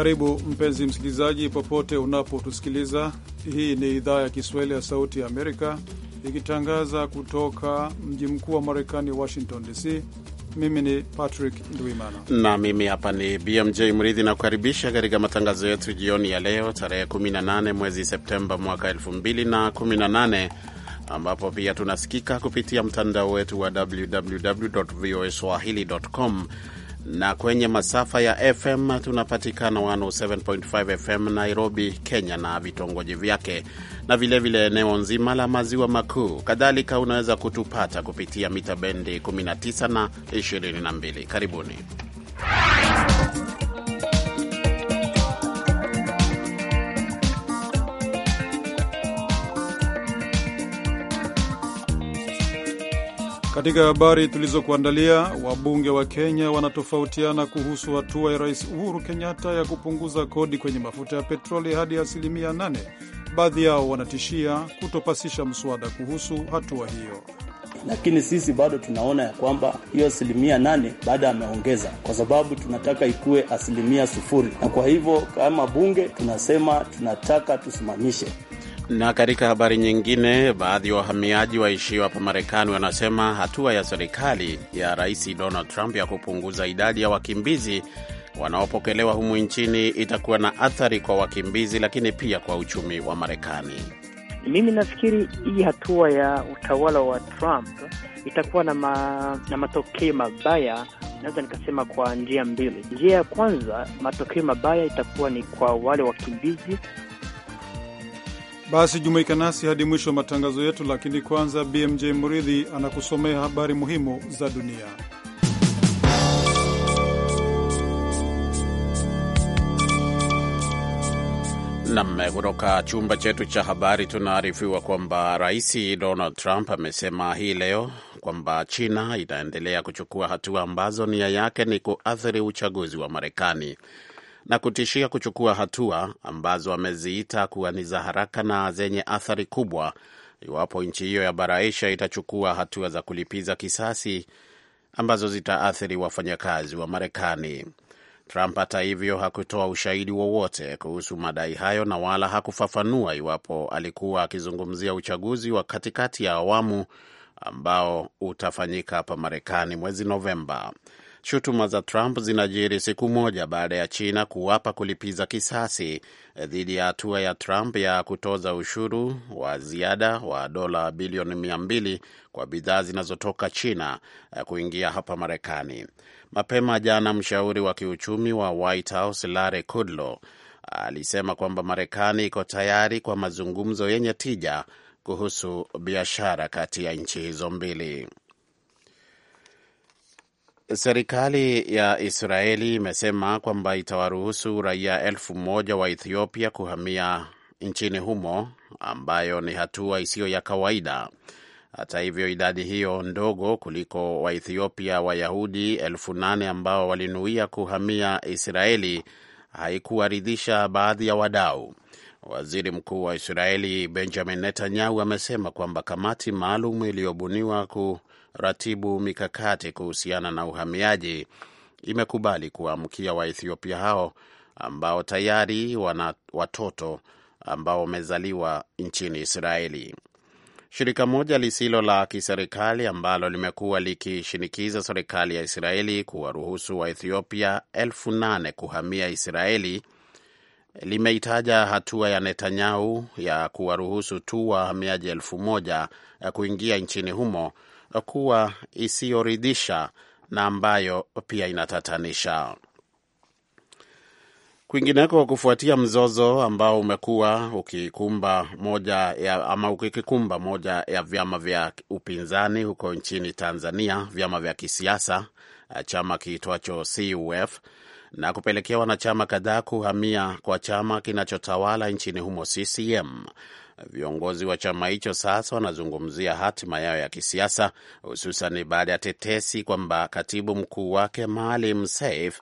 Karibu mpenzi msikilizaji, popote unapotusikiliza. Hii ni idhaa ya Kiswahili ya Sauti ya Amerika ikitangaza kutoka mji mkuu wa Marekani, Washington DC. Mimi ni Patrick Ndwimana na mimi hapa ni BMJ Mridhi, nakukaribisha katika matangazo yetu jioni ya leo tarehe 18 mwezi Septemba mwaka 2018 ambapo pia tunasikika kupitia mtandao wetu wa www voa swahili.com na kwenye masafa ya FM tunapatikana 107.5 FM Nairobi, Kenya na vitongoji vyake na vilevile eneo vile nzima la maziwa makuu. Kadhalika unaweza kutupata kupitia mita bendi 19 na 22. Karibuni. Katika habari tulizokuandalia, wabunge wa Kenya wanatofautiana kuhusu hatua ya Rais Uhuru Kenyatta ya kupunguza kodi kwenye mafuta ya petroli hadi asilimia 8. Baadhi yao wanatishia kutopasisha mswada kuhusu hatua hiyo lakini sisi bado tunaona ya kwamba hiyo asilimia 8 baada ameongeza, kwa sababu tunataka ikuwe asilimia sufuri. Na kwa hivyo kama bunge tunasema tunataka tusimamishe na katika habari nyingine, baadhi ya wahamiaji waishio hapa Marekani wanasema hatua ya serikali ya Rais Donald Trump ya kupunguza idadi ya wakimbizi wanaopokelewa humu nchini itakuwa na athari kwa wakimbizi, lakini pia kwa uchumi wa Marekani. Mimi nafikiri hii hatua ya utawala wa Trump itakuwa na, ma, na matokeo mabaya. Naweza nikasema kwa njia mbili. Njia ya kwanza, matokeo mabaya itakuwa ni kwa wale wakimbizi basi jumuika nasi hadi mwisho wa matangazo yetu, lakini kwanza, BMJ Muridhi anakusomea habari muhimu za dunia. Nam, kutoka chumba chetu cha habari tunaarifiwa kwamba Rais Donald Trump amesema hii leo kwamba China itaendelea kuchukua hatua ambazo nia yake ni kuathiri uchaguzi wa Marekani na kutishia kuchukua hatua ambazo ameziita kuwa ni za haraka na zenye athari kubwa iwapo nchi hiyo ya baraisha itachukua hatua za kulipiza kisasi ambazo zitaathiri wafanyakazi wa Marekani. Trump hata hivyo hakutoa ushahidi wowote kuhusu madai hayo na wala hakufafanua iwapo alikuwa akizungumzia uchaguzi wa katikati ya awamu ambao utafanyika hapa Marekani mwezi Novemba. Shutuma za Trump zinajiri siku moja baada ya China kuwapa kulipiza kisasi dhidi ya hatua ya Trump ya kutoza ushuru wa ziada wa dola bilioni mia mbili kwa bidhaa zinazotoka China eh, kuingia hapa Marekani. Mapema jana, mshauri wa kiuchumi wa White House Larry Kudlow alisema kwamba Marekani iko tayari kwa mazungumzo yenye tija kuhusu biashara kati ya nchi hizo mbili. Serikali ya Israeli imesema kwamba itawaruhusu raia elfu moja wa Ethiopia kuhamia nchini humo, ambayo ni hatua isiyo ya kawaida. Hata hivyo, idadi hiyo ndogo kuliko Waethiopia Wayahudi elfu nane ambao walinuia kuhamia Israeli haikuwaridhisha baadhi ya wadau. Waziri Mkuu wa Israeli Benjamin Netanyahu amesema kwamba kamati maalum iliyobuniwa ku kuratibu mikakati kuhusiana na uhamiaji imekubali kuwaamkia Waethiopia hao ambao tayari wana watoto ambao wamezaliwa nchini Israeli. Shirika moja lisilo la kiserikali ambalo limekuwa likishinikiza serikali ya Israeli kuwaruhusu Waethiopia elfu nane kuhamia Israeli limeitaja hatua ya Netanyahu ya kuwaruhusu tu wahamiaji elfu moja kuingia nchini humo kuwa isiyoridhisha na ambayo pia inatatanisha. Kwingineko, kufuatia mzozo ambao umekuwa ukikumba moja ya, ama ukikikumba moja ya vyama vya upinzani huko nchini Tanzania, vyama vya kisiasa, chama kiitwacho CUF na kupelekea wanachama kadhaa kuhamia kwa chama kinachotawala nchini humo CCM. Viongozi wa chama hicho sasa wanazungumzia hatima yao ya kisiasa, hususan baada ya tetesi kwamba katibu mkuu wake Maalim Seif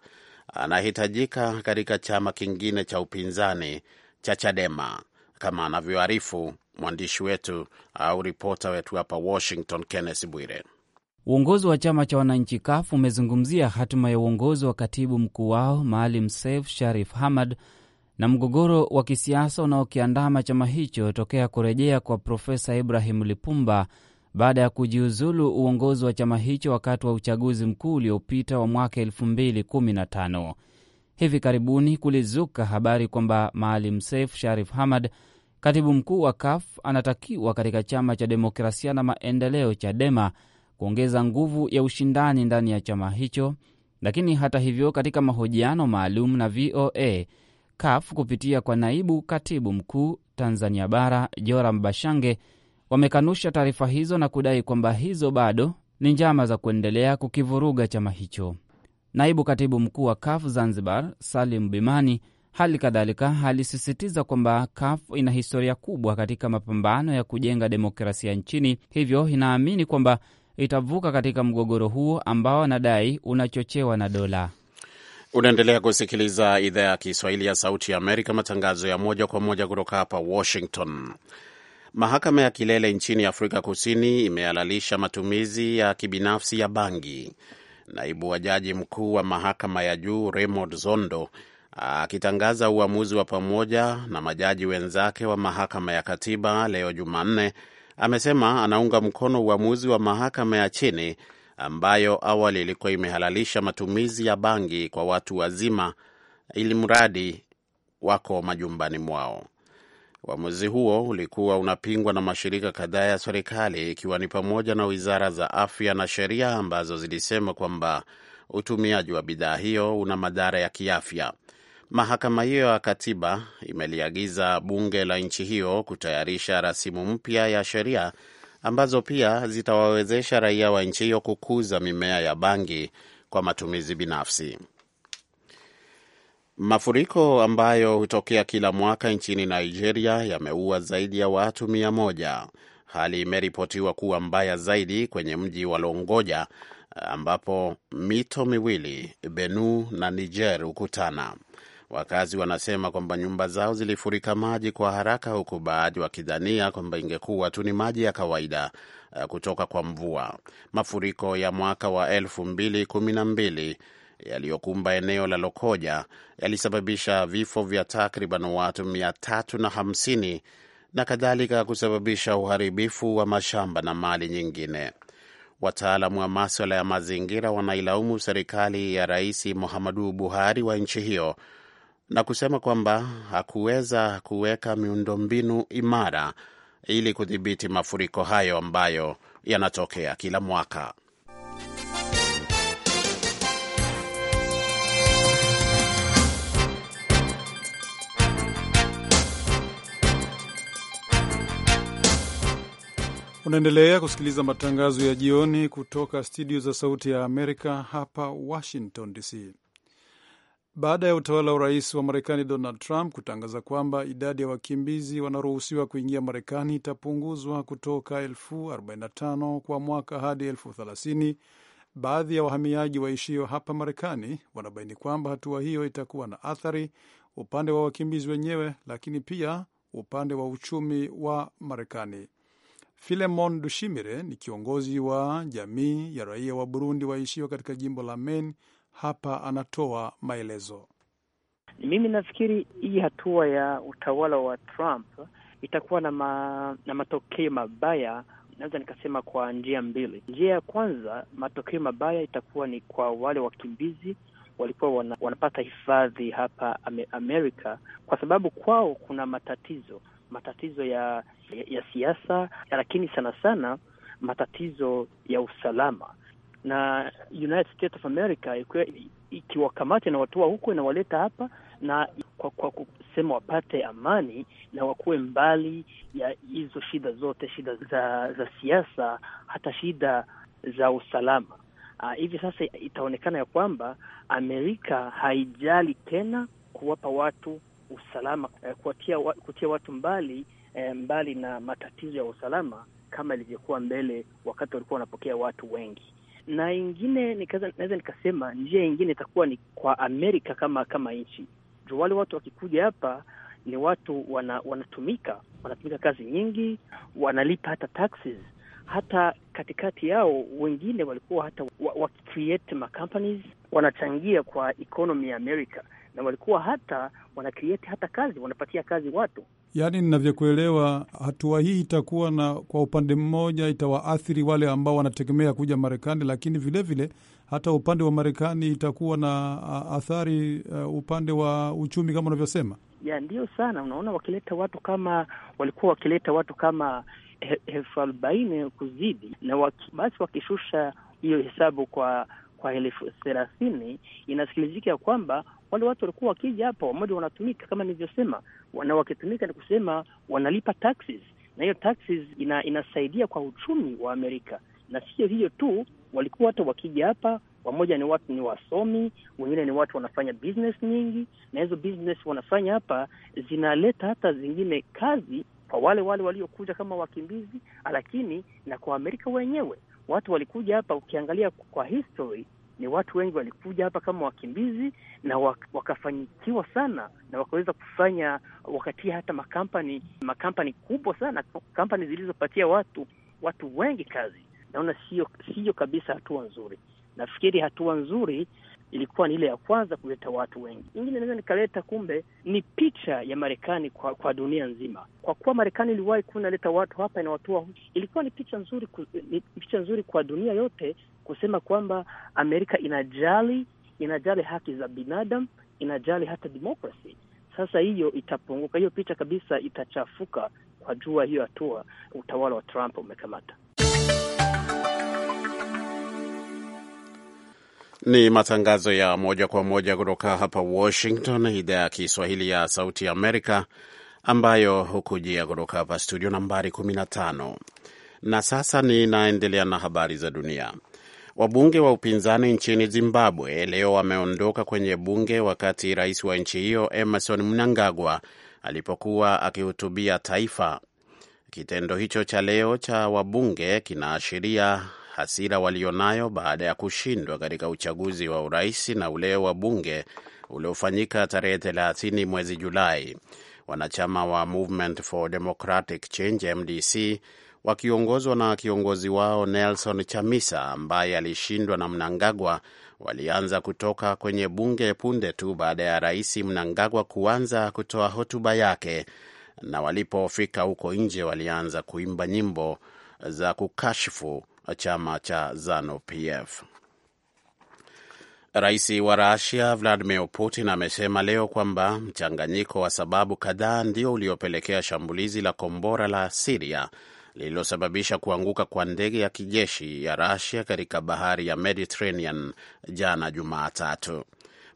anahitajika katika chama kingine cha upinzani cha Chadema, kama anavyoarifu mwandishi wetu au ripota wetu hapa Washington, Kenneth Bwire. Uongozi wa chama cha wananchi KAF umezungumzia hatima ya uongozi wa katibu mkuu wao Maalim Seif Sharif Hamad na mgogoro wa kisiasa unaokiandama chama hicho tokea kurejea kwa Profesa Ibrahim Lipumba baada ya kujiuzulu uongozi wa chama hicho wakati wa uchaguzi mkuu uliopita wa mwaka 2015. Hivi karibuni kulizuka habari kwamba Maalim Seif Sharif Hamad, katibu mkuu wa KAF, anatakiwa katika chama cha demokrasia na maendeleo CHADEMA kuongeza nguvu ya ushindani ndani ya chama hicho. Lakini hata hivyo, katika mahojiano maalum na VOA, CUF kupitia kwa naibu katibu mkuu Tanzania Bara Joram Bashange wamekanusha taarifa hizo na kudai kwamba hizo bado ni njama za kuendelea kukivuruga chama hicho. Naibu katibu mkuu wa CUF Zanzibar Salim Bimani hali kadhalika alisisitiza kwamba CUF ina historia kubwa katika mapambano ya kujenga demokrasia nchini, hivyo inaamini kwamba itavuka katika mgogoro huo ambao anadai unachochewa na dola. Unaendelea kusikiliza idhaa ya Kiswahili ya Sauti ya Amerika, matangazo ya moja kwa moja kutoka hapa Washington. Mahakama ya kilele nchini Afrika Kusini imehalalisha matumizi ya kibinafsi ya bangi. Naibu wa jaji mkuu wa mahakama ya juu Raymond Zondo akitangaza uamuzi wa pamoja na majaji wenzake wa mahakama ya katiba leo Jumanne amesema anaunga mkono uamuzi wa mahakama ya chini ambayo awali ilikuwa imehalalisha matumizi ya bangi kwa watu wazima ili mradi wako majumbani mwao. Uamuzi huo ulikuwa unapingwa na mashirika kadhaa ya serikali ikiwa ni pamoja na wizara za afya na sheria ambazo zilisema kwamba utumiaji wa bidhaa hiyo una madhara ya kiafya. Mahakama hiyo ya katiba imeliagiza bunge la nchi hiyo kutayarisha rasimu mpya ya sheria ambazo pia zitawawezesha raia wa nchi hiyo kukuza mimea ya bangi kwa matumizi binafsi. Mafuriko ambayo hutokea kila mwaka nchini Nigeria yameua zaidi ya watu mia moja. Hali imeripotiwa kuwa mbaya zaidi kwenye mji wa Longoja ambapo mito miwili Benue na Niger hukutana. Wakazi wanasema kwamba nyumba zao zilifurika maji kwa haraka, huku baadhi wakidhania kwamba ingekuwa tu ni maji ya kawaida eh, kutoka kwa mvua. Mafuriko ya mwaka wa elfu mbili kumi na mbili yaliyokumba eneo la Lokoja yalisababisha vifo vya takriban watu mia tatu na hamsini na kadhalika kusababisha uharibifu wa mashamba na mali nyingine. Wataalamu wa maswala ya mazingira wanailaumu serikali ya Rais Muhammadu Buhari wa nchi hiyo na kusema kwamba hakuweza kuweka miundombinu imara ili kudhibiti mafuriko hayo ambayo yanatokea kila mwaka. Unaendelea kusikiliza matangazo ya jioni kutoka studio za Sauti ya Amerika hapa Washington DC baada ya utawala wa rais wa Marekani Donald Trump kutangaza kwamba idadi ya wakimbizi wanaoruhusiwa kuingia Marekani itapunguzwa kutoka elfu 45 kwa mwaka hadi elfu 30. Baadhi ya wahamiaji waishio hapa Marekani wanabaini kwamba hatua hiyo itakuwa na athari upande wa wakimbizi wenyewe, lakini pia upande wa uchumi wa Marekani. Filemon Dushimire ni kiongozi wa jamii ya raia wa Burundi waishio katika jimbo la Maine hapa anatoa maelezo. Mimi nafikiri hii hatua ya utawala wa Trump itakuwa na, ma, na matokeo mabaya naweza nikasema kwa njia mbili. Njia ya kwanza, matokeo mabaya itakuwa ni kwa wale wakimbizi walikuwa wana, wanapata hifadhi hapa Amerika, kwa sababu kwao kuna matatizo, matatizo ya, ya, ya siasa, lakini sana sana matatizo ya usalama na United States of America ikiwakamata inawatoa huko inawaleta hapa, na kwa, kwa kusema wapate amani na wakuwe mbali ya hizo shida zote, shida za, za siasa, hata shida za usalama. Uh, hivi sasa itaonekana ya kwamba Amerika haijali tena kuwapa watu usalama, eh, kuwatia, wa, kutia watu mbali eh, mbali na matatizo ya usalama kama ilivyokuwa mbele wakati walikuwa wanapokea watu wengi na ingine naweza nikasema njia ingine itakuwa ni kwa Amerika kama kama nchi juu wale watu wakikuja hapa ni watu wana, wanatumika wanatumika kazi nyingi, wanalipa hata taxes. Hata katikati yao wengine walikuwa hata wa, wa wanachangia kwa economy ya Amerika na walikuwa hata wana hata kazi, wanapatia kazi watu Yaani, ninavyokuelewa, hatua hii itakuwa na, kwa upande mmoja itawaathiri wale ambao wanategemea kuja Marekani, lakini vilevile vile, hata upande wa Marekani itakuwa na athari uh, upande wa uchumi kama unavyosema. Ya ndiyo sana, unaona wakileta watu kama walikuwa wakileta watu kama elfu arobaini kuzidi na waki, basi wakishusha hiyo hesabu kwa kwa elfu thelathini inasikilizika ya kwamba wale watu walikuwa wakija hapa wamoja wanatumika kama nilivyosema, na wakitumika ni kusema wanalipa taxes, na hiyo taxes ina, inasaidia kwa uchumi wa Amerika. Na sio hiyo tu, walikuwa hata wakija hapa wamoja ni watu ni wasomi, wengine ni watu wanafanya business nyingi, na hizo business wanafanya hapa zinaleta hata zingine kazi kwa wale wale waliokuja kama wakimbizi, lakini na kwa Amerika wenyewe watu walikuja hapa, ukiangalia kwa history ni watu wengi walikuja hapa kama wakimbizi na wakafanyikiwa sana na wakaweza kufanya wakatia hata makampani makampani kubwa sana, kampani zilizopatia watu watu wengi kazi. Naona sio sio kabisa hatua nzuri. Nafikiri hatua nzuri ilikuwa ni ile ya kwanza kuleta watu wengi. Ingine naweza nikaleta, kumbe ni picha ya Marekani kwa kwa dunia nzima, kwa kuwa Marekani iliwahi kuwa inaleta watu hapa, inawatoa ilikuwa ni picha nzuri ku, ni picha nzuri kwa dunia yote kusema kwamba Amerika inajali, inajali haki za binadamu, inajali hata demokrasi. Sasa hiyo itapunguka, hiyo picha kabisa itachafuka kwa jua hiyo hatua utawala wa Trump umekamata. Ni matangazo ya moja kwa moja kutoka hapa Washington, idhaa ya Kiswahili ya Sauti ya Amerika, ambayo hukujia kutoka hapa studio nambari 15. Na sasa ninaendelea na habari za dunia. Wabunge wa upinzani nchini Zimbabwe leo wameondoka kwenye bunge wakati rais wa nchi hiyo Emerson Mnangagwa alipokuwa akihutubia taifa. Kitendo hicho cha leo cha wabunge kinaashiria hasira walionayo baada ya kushindwa katika uchaguzi wa urais na ule wa bunge uliofanyika tarehe 30 mwezi Julai. Wanachama wa Movement for Democratic Change MDC wakiongozwa na kiongozi wao Nelson Chamisa ambaye alishindwa na Mnangagwa walianza kutoka kwenye bunge punde tu baada ya rais Mnangagwa kuanza kutoa hotuba yake, na walipofika huko nje walianza kuimba nyimbo za kukashifu chama cha Zanu PF. Rais wa Rasia Vladimir Putin amesema leo kwamba mchanganyiko wa sababu kadhaa ndio uliopelekea shambulizi la kombora la Siria lililosababisha kuanguka kwa ndege ya kijeshi ya Rasia katika bahari ya Mediterranean jana Jumatatu.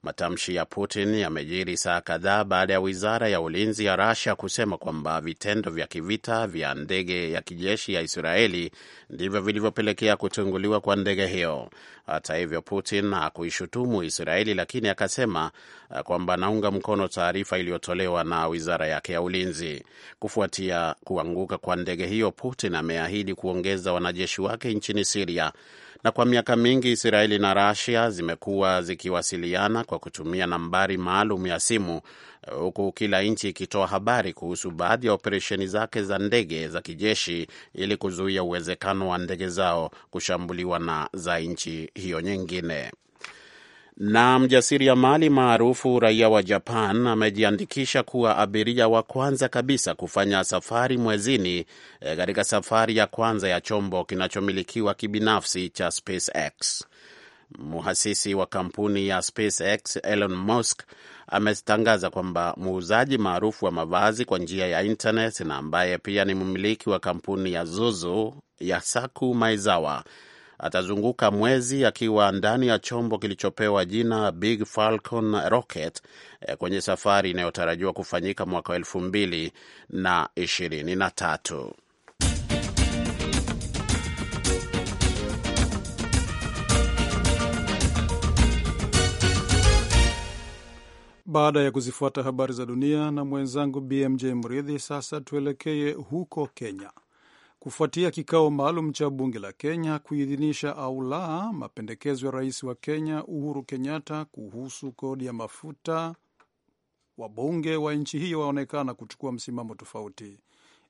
Matamshi ya Putin yamejiri saa kadhaa baada ya wizara ya ulinzi ya rasia kusema kwamba vitendo vya kivita vya ndege ya kijeshi ya Israeli ndivyo vilivyopelekea kutunguliwa kwa ndege hiyo. Hata hivyo, Putin hakuishutumu Israeli, lakini akasema eh, kwamba anaunga mkono taarifa iliyotolewa na wizara yake ya ulinzi. Kufuatia kuanguka kwa ndege hiyo, Putin ameahidi kuongeza wanajeshi wake nchini Siria na kwa miaka mingi Israeli na Rasia zimekuwa zikiwasiliana kwa kutumia nambari maalum ya simu, huku kila nchi ikitoa habari kuhusu baadhi ya operesheni zake za ndege za kijeshi ili kuzuia uwezekano wa ndege zao kushambuliwa na za nchi hiyo nyingine. Na mjasiriamali maarufu raia wa Japan amejiandikisha kuwa abiria wa kwanza kabisa kufanya safari mwezini e, katika e, safari ya kwanza ya chombo kinachomilikiwa kibinafsi cha SpaceX. Muhasisi wa kampuni ya SpaceX Elon Musk ametangaza kwamba muuzaji maarufu wa mavazi kwa njia ya internet na ambaye pia ni mmiliki wa kampuni ya Zuzu ya saku Maizawa atazunguka mwezi akiwa ndani ya chombo kilichopewa jina Big Falcon Rocket eh, kwenye safari inayotarajiwa kufanyika mwaka wa elfu mbili na ishirini na tatu. Baada ya kuzifuata habari za dunia na mwenzangu BMJ Mridhi, sasa tuelekee huko Kenya kufuatia kikao maalum cha bunge la Kenya kuidhinisha au la mapendekezo ya rais wa Kenya Uhuru Kenyatta kuhusu kodi ya mafuta. Wabunge wa nchi hiyo waonekana kuchukua msimamo tofauti.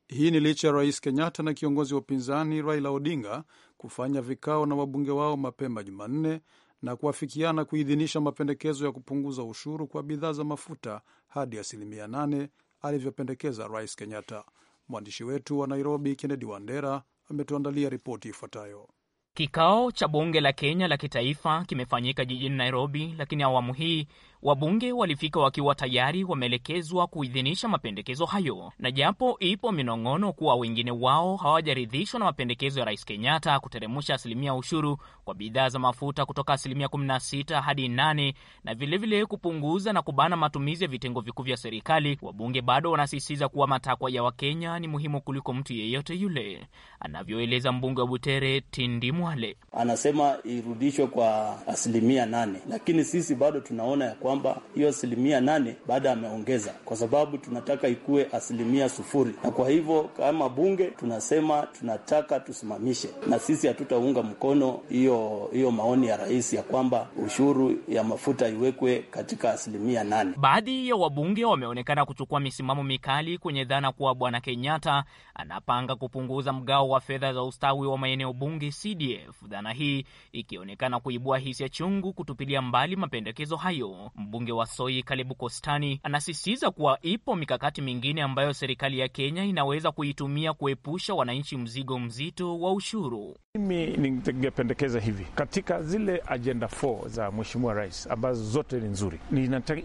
Hii ni licha ya rais Kenyatta na kiongozi wa upinzani Raila Odinga kufanya vikao na wabunge wao mapema Jumanne na kuafikiana kuidhinisha mapendekezo ya kupunguza ushuru kwa bidhaa za mafuta hadi asilimia nane alivyopendekeza rais Kenyatta. Mwandishi wetu wa Nairobi, Kennedy Wandera, ametuandalia ripoti ifuatayo. Kikao cha bunge la Kenya la kitaifa kimefanyika jijini Nairobi, lakini awamu hii Wabunge walifika wakiwa tayari wameelekezwa kuidhinisha mapendekezo hayo, na japo ipo minong'ono kuwa wengine wao hawajaridhishwa na mapendekezo ya Rais Kenyatta kuteremsha asilimia ushuru kwa bidhaa za mafuta kutoka asilimia 16 hadi 8 na vilevile vile kupunguza na kubana matumizi ya vitengo vikuu vya serikali, wabunge bado wanasisitiza kuwa matakwa ya Wakenya ni muhimu kuliko mtu yeyote yule, anavyoeleza mbunge wa Butere Tindi Mwale. Anasema irudishwe kwa asilimia 8, lakini sisi bado tunaona ya kwa kwamba hiyo asilimia nane baada ameongeza, kwa sababu tunataka ikuwe asilimia sufuri. Na kwa hivyo kama bunge tunasema tunataka tusimamishe, na sisi hatutaunga mkono hiyo hiyo maoni ya rais ya kwamba ushuru ya mafuta iwekwe katika asilimia nane. Baadhi ya wabunge wameonekana kuchukua misimamo mikali kwenye dhana kuwa Bwana Kenyatta anapanga kupunguza mgao wa fedha za ustawi wa maeneo bunge CDF, dhana hii ikionekana kuibua hisia chungu kutupilia mbali mapendekezo hayo. Mbunge wa Soi Kalebu Kostani anasisitiza kuwa ipo mikakati mingine ambayo serikali ya Kenya inaweza kuitumia kuepusha wananchi mzigo mzito wa ushuru. Mimi ningependekeza hivi katika zile ajenda 4 za mheshimiwa rais ambazo zote ni nzuri,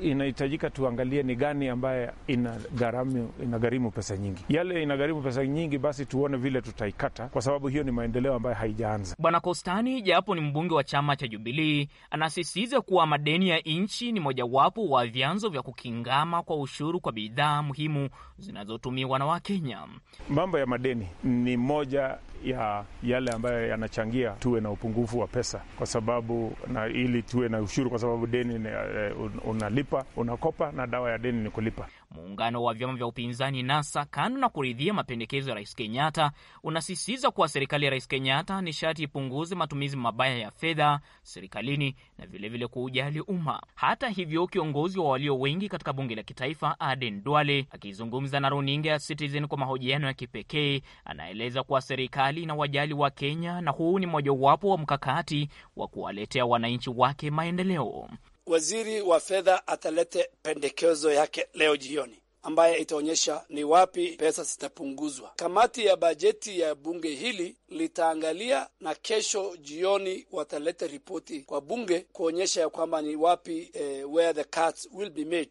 inahitajika tuangalie ni gani ambaye inagharimu pesa nyingi. Yale inagharimu pesa nyingi, basi tuone vile tutaikata, kwa sababu hiyo ni maendeleo ambayo haijaanza. Bwana Kostani, japo ni mbunge wa chama cha Jubilii, anasisitiza kuwa madeni ya nchi ni mojawapo wa vyanzo vya kukingama kwa ushuru kwa bidhaa muhimu zinazotumiwa na Wakenya. Mambo ya madeni ni moja ya yale ambayo yanachangia tuwe na upungufu wa pesa, kwa sababu na ili tuwe na ushuru, kwa sababu deni eh, unalipa, unakopa na dawa ya deni ni kulipa. Muungano wa vyama vya upinzani NASA, kando na kuridhia mapendekezo ya Rais Kenyatta, unasisitiza kuwa serikali ya Rais Kenyatta ni sharti ipunguze matumizi mabaya ya fedha serikalini na vilevile kuujali umma. Hata hivyo, kiongozi wa walio wengi katika bunge la kitaifa Aden Duale, akizungumza na runinga ya Citizen kwa mahojiano ya kipekee, anaeleza kuwa serikali na wajali wa Kenya na huu ni mojawapo wa mkakati wa kuwaletea wananchi wake maendeleo waziri wa fedha atalete pendekezo yake leo jioni ambaye itaonyesha ni wapi pesa zitapunguzwa. Kamati ya bajeti ya bunge hili litaangalia, na kesho jioni wataleta ripoti kwa bunge kuonyesha ya kwamba ni wapi eh, where the cuts will be made.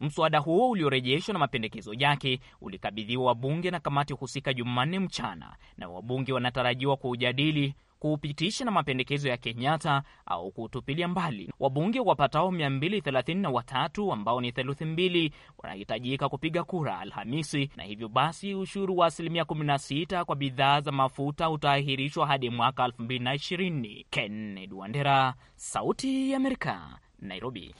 Mswada huo uliorejeshwa na mapendekezo yake ulikabidhiwa wabunge na kamati husika Jumanne mchana, na wabunge wanatarajiwa kuujadili kuupitisha na mapendekezo ya Kenyatta au kuutupilia mbali. Wabunge wapatao 233 ambao ni theluthi mbili wanahitajika kupiga kura Alhamisi, na hivyo basi ushuru wa asilimia 16 kwa bidhaa za mafuta utaahirishwa hadi mwaka 2020. Kennedy Wandera, Sauti ya Amerika, Nairobi.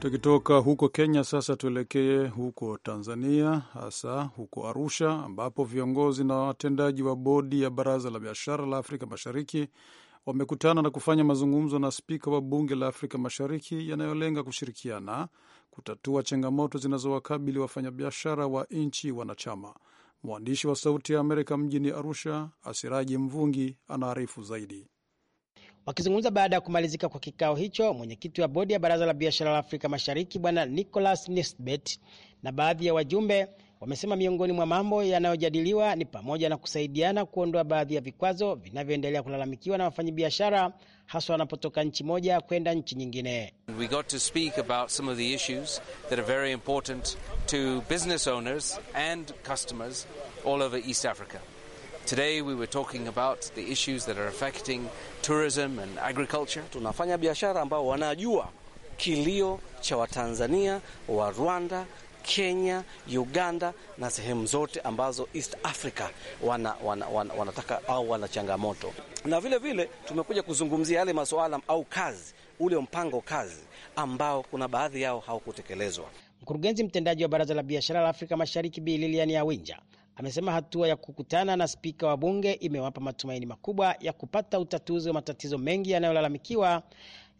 Tukitoka huko Kenya sasa tuelekee huko Tanzania, hasa huko Arusha, ambapo viongozi na watendaji wa bodi ya Baraza la Biashara la Afrika Mashariki wamekutana na kufanya mazungumzo na spika wa Bunge la Afrika Mashariki yanayolenga kushirikiana kutatua changamoto zinazowakabili wafanyabiashara wa nchi wanachama. Mwandishi wa Sauti ya Amerika mjini Arusha, Asiraji Mvungi, anaarifu zaidi. Wakizungumza baada ya kumalizika kwa kikao hicho, mwenyekiti wa bodi ya baraza la biashara la Afrika Mashariki Bwana Nicholas Nisbet na baadhi ya wajumbe wamesema miongoni mwa mambo yanayojadiliwa ni pamoja na kusaidiana kuondoa baadhi ya vikwazo vinavyoendelea kulalamikiwa na wafanyabiashara haswa wanapotoka nchi moja kwenda nchi nyingine. We got to speak about some of the issues that are very important to business owners and customers all over East Africa. Today we were talking about the issues that are affecting tourism and agriculture. Tunafanya biashara ambao wanajua kilio cha Watanzania wa Rwanda, Kenya, Uganda na sehemu zote ambazo East Africa wana, wana, wana, wanataka au wana changamoto, na vile vile tumekuja kuzungumzia yale masuala au kazi, ule mpango kazi ambao kuna baadhi yao haukutekelezwa. Mkurugenzi mtendaji wa Baraza la Biashara la Afrika Mashariki Bi Liliani Awinja amesema hatua ya kukutana na spika wa bunge imewapa matumaini makubwa ya kupata utatuzi wa matatizo mengi yanayolalamikiwa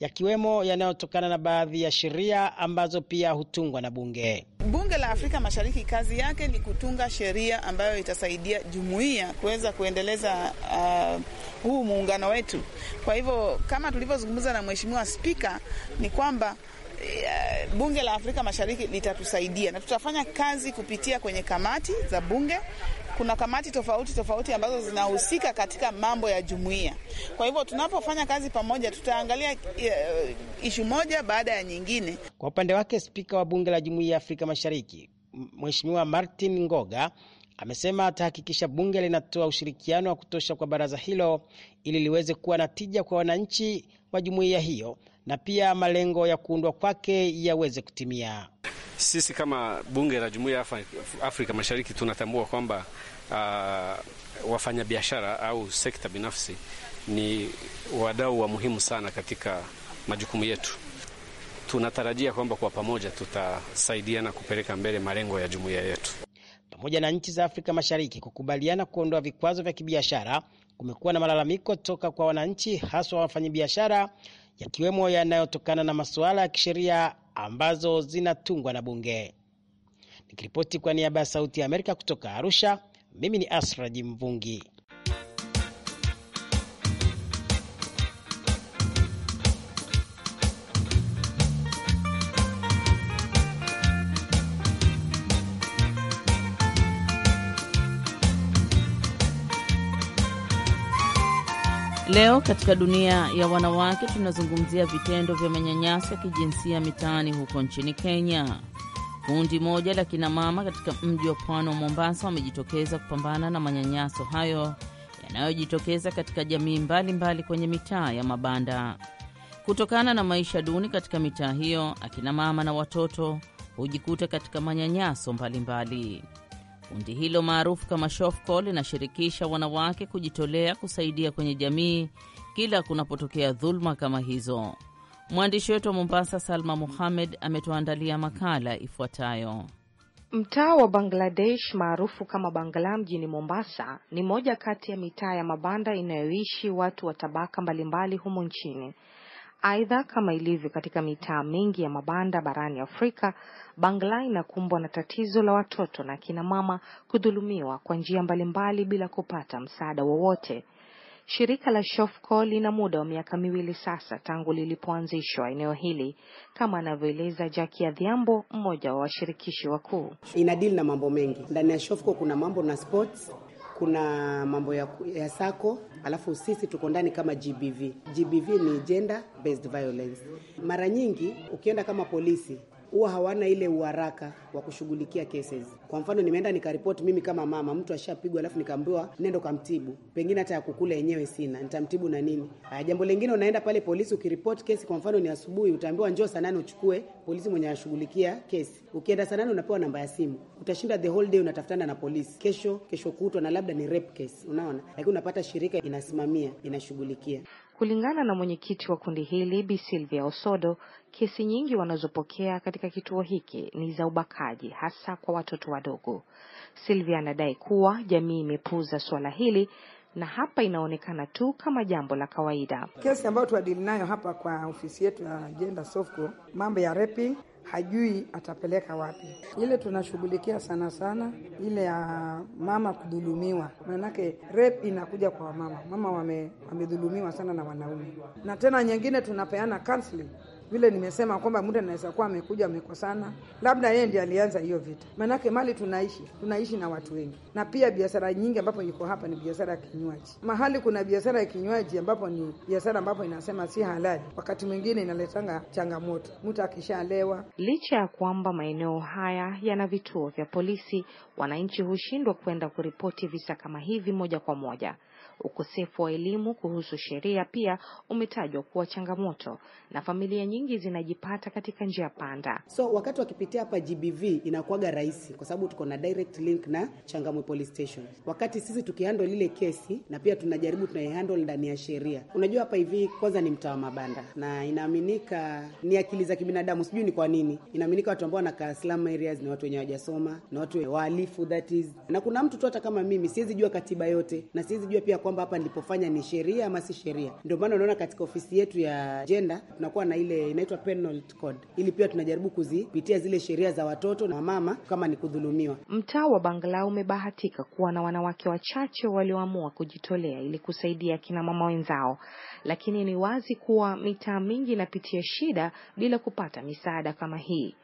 yakiwemo yanayotokana na baadhi ya sheria ambazo pia hutungwa na bunge. Bunge la Afrika Mashariki kazi yake ni kutunga sheria ambayo itasaidia jumuiya kuweza kuendeleza uh, huu muungano wetu. Kwa hivyo kama tulivyozungumza na Mheshimiwa Spika ni kwamba bunge la Afrika Mashariki litatusaidia na tutafanya kazi kupitia kwenye kamati za bunge. Kuna kamati tofauti tofauti ambazo zinahusika katika mambo ya jumuiya. Kwa hivyo tunapofanya kazi pamoja, tutaangalia eh, ishu moja baada ya nyingine. Kwa upande wake, spika wa bunge la jumuiya ya Afrika Mashariki Mheshimiwa Martin Ngoga amesema atahakikisha bunge linatoa ushirikiano wa kutosha kwa baraza hilo ili liweze kuwa na tija kwa wananchi wa jumuiya hiyo na pia malengo ya kuundwa kwake yaweze kutimia. Sisi kama bunge la jumuiya ya Afrika Mashariki tunatambua kwamba uh, wafanyabiashara au sekta binafsi ni wadau wa muhimu sana katika majukumu yetu. Tunatarajia kwamba kwa pamoja tutasaidiana kupeleka mbele malengo ya jumuiya yetu pamoja na nchi za Afrika Mashariki kukubaliana kuondoa vikwazo vya kibiashara, kumekuwa na malalamiko toka kwa wananchi, haswa wafanyabiashara, yakiwemo yanayotokana na masuala ya kisheria ambazo zinatungwa na Bunge. Nikiripoti kwa niaba ya Sauti ya Amerika kutoka Arusha, mimi ni Asraji Mvungi. Leo katika dunia ya wanawake tunazungumzia vitendo vya manyanyaso ya kijinsia mitaani huko nchini Kenya. Kundi moja la kinamama katika mji wa pwani wa Mombasa wamejitokeza kupambana na manyanyaso hayo yanayojitokeza katika jamii mbalimbali mbali kwenye mitaa ya mabanda. Kutokana na maisha duni katika mitaa hiyo, akinamama na watoto hujikuta katika manyanyaso mbalimbali mbali. Kundi hilo maarufu kama SHOFCO linashirikisha wanawake kujitolea kusaidia kwenye jamii kila kunapotokea dhuluma kama hizo. Mwandishi wetu wa Mombasa, Salma Muhamed, ametuandalia makala ifuatayo. Mtaa wa Bangladesh maarufu kama Bangla mjini Mombasa ni moja kati ya mitaa ya mabanda inayoishi watu wa tabaka mbalimbali humo nchini. Aidha, kama ilivyo katika mitaa mingi ya mabanda barani Afrika, Bangla inakumbwa na tatizo la watoto na kina mama kudhulumiwa kwa njia mbalimbali bila kupata msaada wowote. Shirika la Shofco lina muda wa miaka miwili sasa tangu lilipoanzishwa eneo hili, kama anavyoeleza Jackie Adhiambo, mmoja wa washirikishi wakuu. Inadili na mambo mengi ndani ya Shofco. Kuna mambo na sports, kuna mambo ya, ya sako, alafu sisi tuko ndani kama GBV. GBV ni gender based violence. Mara nyingi ukienda kama polisi huwa hawana ile uharaka wa kushughulikia cases. Kwa mfano, nimeenda nikaripoti mimi kama mama, mtu ashapigwa, alafu nikaambiwa nenda ukamtibu, pengine hata ya kukula yenyewe sina, nitamtibu na nini? Haya, jambo lingine, unaenda pale polisi, ukiripoti kesi, kwa mfano ni asubuhi, utaambiwa njoo saa nane uchukue polisi mwenye anashughulikia kesi. Ukienda saa nane unapewa namba ya simu, utashinda the whole day unatafutana na polisi, kesho kesho kutwa, na labda ni rape case, unaona, lakini unapata shirika inasimamia, inashughulikia. Kulingana na mwenyekiti wa kundi hili Bi Silvia Osodo, kesi nyingi wanazopokea katika kituo hiki ni za ubakaji hasa kwa watoto wadogo. Silvia anadai kuwa jamii imepuuza suala hili na hapa inaonekana tu kama jambo la kawaida. Kesi ambayo tuadili nayo hapa kwa ofisi yetu ya Jenda Sofco, mambo ya raping, hajui atapeleka wapi. Ile tunashughulikia sana sana ile ya mama kudhulumiwa, maanake rep inakuja kwa wamama. Mama wamedhulumiwa wame sana na wanaume, na tena nyingine tunapeana counseling vile nimesema kwamba muda anaweza kuwa amekuja amekosana, labda yeye ndiye alianza hiyo vita. Maanake mali tunaishi tunaishi na watu wengi, na pia biashara nyingi ambapo iko hapa ni biashara ya kinywaji. Mahali kuna biashara ya kinywaji ambapo ni biashara ambapo inasema si halali, wakati mwingine inaletanga changamoto mtu akishalewa. Licha ya kwamba maeneo haya yana vituo vya polisi, wananchi hushindwa kwenda kuripoti visa kama hivi moja kwa moja. Ukosefu wa elimu kuhusu sheria pia umetajwa kuwa changamoto, na familia nyingi zinajipata katika njia panda. So wakati wakipitia hapa GBV inakuwaga rahisi, kwa sababu tuko na direct link na Changamwe police station. Wakati sisi tukihandle lile kesi, na pia tunajaribu tunaihandle ndani ya sheria. Unajua hapa hivi, kwanza ni mtaa wa mabanda na inaaminika ni akili za kibinadamu, sijui ni kwa nini inaaminika watu ambao wanakaa slum areas ni watu wenye hawajasoma na watu wahalifu, that is, na kuna mtu tu hata kama mimi siwezi jua katiba yote na siwezi jua pia kwa kwamba hapa nilipofanya ni sheria ama si sheria. Ndio maana unaona katika ofisi yetu ya jenda tunakuwa na ile inaitwa penal code, ili pia tunajaribu kuzipitia zile sheria za watoto na mama kama ni kudhulumiwa. Mtaa wa Bangla umebahatika kuwa na wanawake wachache walioamua kujitolea ili kusaidia kina mama wenzao, lakini ni wazi kuwa mitaa mingi inapitia shida bila kupata misaada kama hii.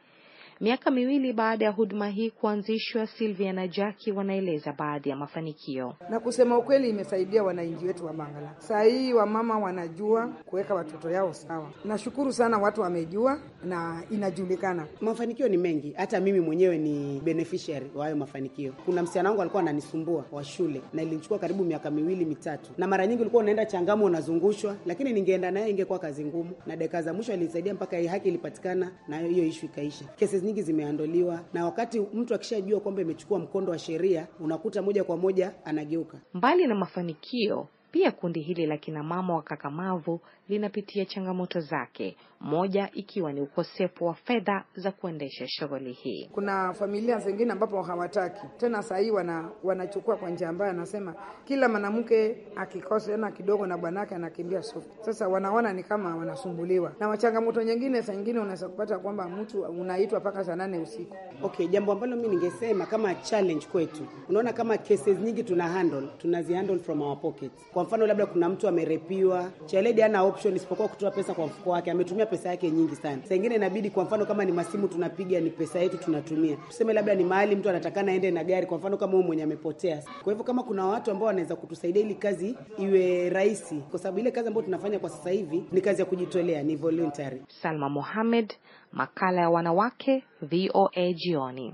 Miaka miwili baada ya huduma hii kuanzishwa, Silvia na Jackie wanaeleza baadhi ya mafanikio. Na kusema ukweli, imesaidia wananchi wetu wa Mangala. Saa hii wamama wanajua kuweka watoto yao sawa. Nashukuru sana, watu wamejua na inajulikana. Mafanikio ni mengi, hata mimi mwenyewe ni beneficiary wa hayo mafanikio. Kuna msichana wangu alikuwa ananisumbua wa shule, na ilichukua karibu miaka miwili mitatu, na mara nyingi ulikuwa unaenda Changamo unazungushwa, lakini ningeenda naye ingekuwa kazi ngumu, na dakika za mwisho alinisaidia mpaka hii haki ilipatikana na hiyo ishu ikaisha. Kesi nyingi zimeandoliwa, na wakati mtu akishajua kwamba imechukua mkondo wa sheria, unakuta moja kwa moja anageuka. Mbali na mafanikio, pia kundi hili la kinamama wakakamavu linapitia changamoto zake, moja ikiwa ni ukosefu wa fedha za kuendesha shughuli hii. Kuna familia zingine ambapo hawataki tena, saa hii wana, wanachukua kwa njia ambayo anasema kila mwanamke akikosana kidogo na bwanake anakimbia soko. Sasa wanaona ni kama wanasumbuliwa na changamoto nyingine. Saa unaweza kupata kwamba mtu unaitwa mpaka saa nane usiku. Okay, jambo ambalo mi ningesema kama challenge kwetu, unaona kama cases nyingi tuna handle tunazi handle from our pockets. Kwa mfano labda kuna mtu amerepiwa, chaledi ana option isipokuwa kutoa pesa kwa mfuko wake. Ametumia pesa yake nyingi sana. Saa ingine inabidi, kwa mfano kama ni masimu tunapiga, ni pesa yetu tunatumia. Tuseme labda ni mahali mtu anatakana aende na gari, kwa mfano kama huyu mwenye amepotea. Kwa hivyo kama kuna watu ambao wanaweza kutusaidia ili kazi iwe rahisi, kwa sababu ile kazi ambayo tunafanya kwa sasa hivi ni kazi ya kujitolea, ni voluntary. Salma Mohamed, makala ya wanawake, VOA jioni.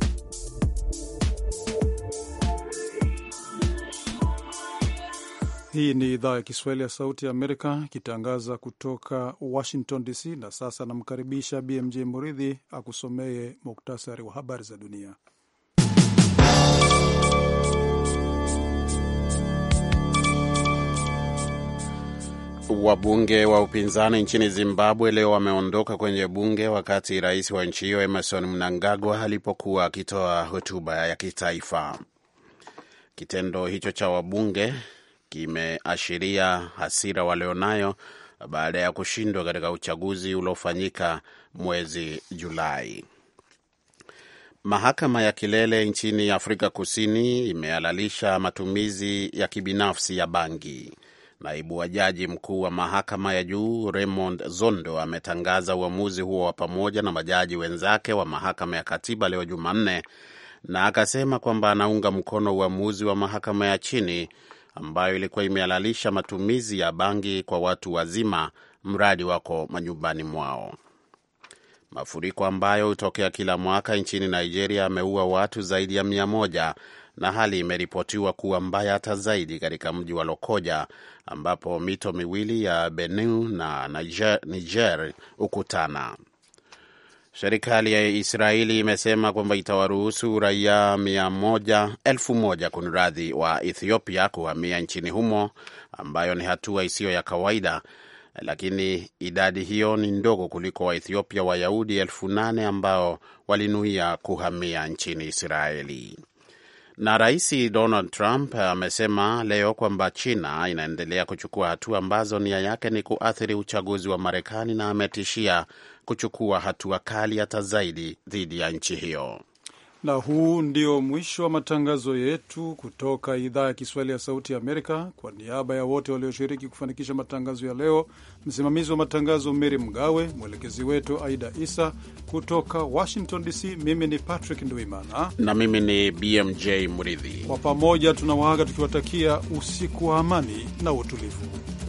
Hii ni idhaa ya Kiswahili ya Sauti ya Amerika ikitangaza kutoka Washington DC. Na sasa anamkaribisha BMJ Muridhi akusomee muktasari wa habari za dunia. Wabunge wa upinzani nchini Zimbabwe leo wameondoka kwenye bunge wakati rais wa nchi hiyo Emerson Mnangagwa alipokuwa akitoa hotuba ya kitaifa. Kitendo hicho cha wabunge kimeashiria hasira walionayo baada ya kushindwa katika uchaguzi uliofanyika mwezi Julai. Mahakama ya kilele nchini Afrika Kusini imehalalisha matumizi ya kibinafsi ya bangi. Naibu wa jaji mkuu wa mahakama ya juu Raymond Zondo ametangaza uamuzi huo wa pamoja na majaji wenzake wa mahakama ya katiba leo Jumanne, na akasema kwamba anaunga mkono uamuzi wa mahakama ya chini ambayo ilikuwa imehalalisha matumizi ya bangi kwa watu wazima mradi wako manyumbani mwao. Mafuriko ambayo hutokea kila mwaka nchini Nigeria ameua watu zaidi ya mia moja na hali imeripotiwa kuwa mbaya hata zaidi katika mji wa Lokoja ambapo mito miwili ya Benue na Niger, Niger hukutana. Serikali ya Israeli imesema kwamba itawaruhusu raia mia moja, elfu moja kunradhi wa Ethiopia kuhamia nchini humo ambayo ni hatua isiyo ya kawaida, lakini idadi hiyo ni ndogo kuliko Waethiopia Wayahudi elfu nane ambao walinuia kuhamia nchini Israeli. Na Rais Donald Trump amesema leo kwamba China inaendelea kuchukua hatua ambazo nia yake ni kuathiri uchaguzi wa Marekani na ametishia kuchukua hatua kali hata zaidi dhidi ya nchi hiyo. Na huu ndio mwisho wa matangazo yetu kutoka idhaa ya Kiswahili ya Sauti ya Amerika. Kwa niaba ya wote walioshiriki kufanikisha matangazo ya leo, msimamizi wa matangazo Meri Mgawe, mwelekezi wetu Aida Isa. Kutoka Washington DC, mimi ni Patrick Ndwimana na mimi ni BMJ Mridhi. Kwa pamoja tunawaaga tukiwatakia usiku wa amani na utulivu.